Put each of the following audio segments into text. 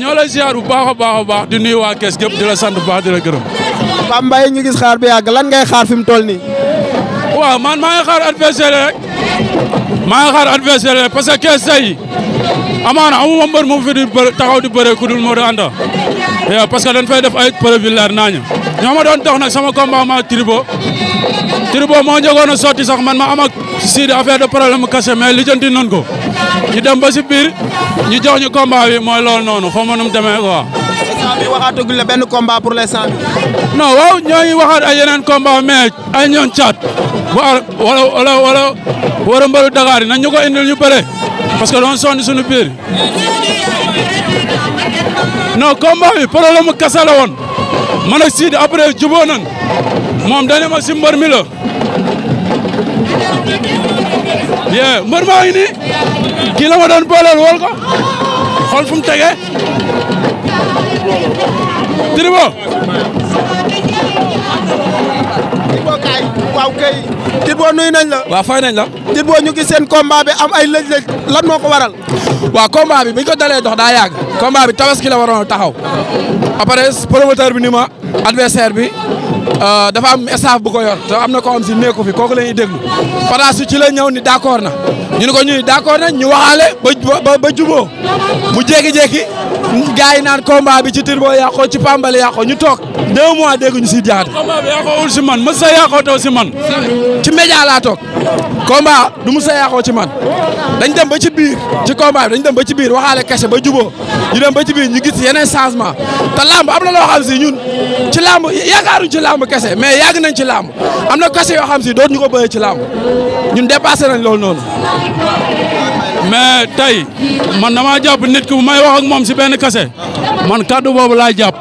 ñoo lay ziar bu baax a baax a baax di nuyu waa kees gépp di sant bu baax di la gërëm. Pape Mbaye ñu gis xaar bi yàgg lan ngay xaar fi mu tol nii. waaw man maa ngi xaar adversaire rek. maa ngi xaar adversaire rek parce que kees tey amaana amuma mbër mo fi di taxaw di bëre ku dul mo do Anta ya parce que dañ fay def ay preuve leer nañu ñoma don doon dox nag sama combat ma tribo tribo mo njëgoon soti sax man ma am ak Sidi affaire de problème caché mais lijjanti non ko ñu dem ba ci bir ñu jox ñu combat wi moy lool nonu xaw ma démé mu demee quoi. instant bii waxaatagul la combat pour l'instant bi. non waaw ñoy waxat ay yenen combat mais ay ñon chat wala wala wala wóor mbaru Dakar nañ ñuko indil ñu bëre parce que doon sonn suñu biir no combat bi problème kassa la won man ak Sidi après jubóo nan mom dañu ma ci mbar mi la yee mbar ma ini ki la ma doon bolal wol ko xol fum tege tribo waaw kay. Titbo nuyu nañ la. waaw fay nañ la. Titbo ñu gis seen combat bi am ay lëj-lëj lan moo ko waral. waaw combat bi biñ ko dalee dox daa yàgg. combat bi tabaski la waroon taxaw. après promoteur bi ni ma adversaire bi euh, dafa am staff bu ko yor te am na ko si nekku fi kooku la ñuy déglu Patasu ci la ñëw ni d'accord na ñu ne ko ñuy d'accord na ñu waxaale ba ba juboo mu jékki-jékki gars yi naan combat bi ci turbo yàqoo ci pambale yàqoo ñu toog deux mois dégguñu si jaadu. combat bi yàqoowul si man ma sa yàqoo taw si man. ci média laa toog combat du mu sa yàqoo ci man dañ dem ba ci biir ci combat dañ dem ba ci biir waxaale kese ba juboo ñu dem ba ci biir ñu gis yeneen changement te làmb am na loo xam si ñun ci làmb yaakaaruñ ci làmb kese mais yàgg nañ ci làmb am na kese yoo xam si ñu ko bëre ci làmb ñun dépassé nañ loolu noonu. mais tey man na damaa jàpp nit ki bu may wax ak moom si benn kese man kaddu boobu laa jàpp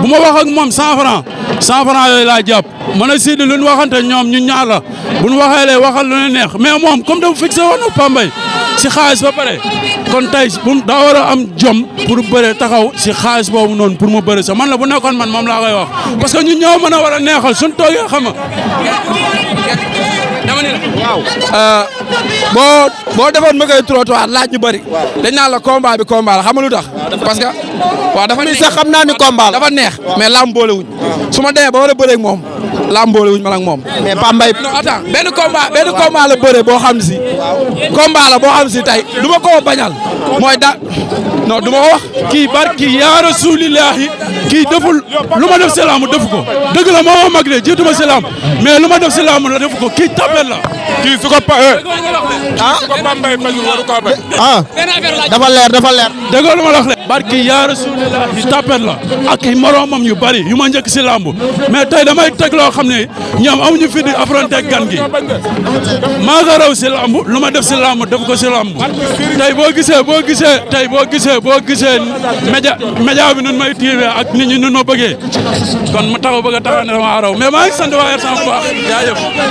bu ma wax ak moom 100 francs 100 francs yooyu laa jàpp man a Sidi lu ñu waxante ñoom ñu ñaar la bu ñu waxee lay waxal lu ñu neex mais moom comme dafa fixé woon na Pambay si xaalis ba pare kon tey bu daa war a am jom pour bëre taxaw si xaalis boobu noonu pour mu bëre sa man la bu nekkoon man moom laa koy wax parce que ñu ñoo mën a war a neexal suñ toogee xam nga dama boo boo defoon ma trot trottoir laaj ñu bëri. dañ naan la combat bi combat la xam nga lu tax. parce que waaw dafa neex sax xam naa ni combat la dafa neex. mais laam boole wuñ. su ma demee ba war a bëree moom laam boole wuñ man ak moom. mais Pape Mbaye. non attends benn combat benn combat la bëree boo xam si. combat la boo xam si tey du ma koo bañal. mooy da non du ma ko wax. kii barki yaa rasulillahi kii deful lu ma def si laamu defu ko dëgg la moo ma mag de jiitu ma si laam mais lu ma def si laamu la defu ko kii tablet la. kii su ko pa eh. ah su ko ah. dafa leer dafa leer. déggoo lu ma la wax de. barki yaa Rasulullah bi tapet la ak i moromam yu bari yu ma njëkk si làmb mais tey damay teg loo xam ne ñoom amuñu fi di affronter gan gi maa ko raw lu ma def si làmb def ko si làmb tey boo gisee boo gisee tey boo gisee boo gisee média média bi nun may tiiwee ak nit ñi nun ma bëggee kon mu taxaw bëgg a taxaw ne dama raw mais maa ngi sant waa RTS bu baax jaajëf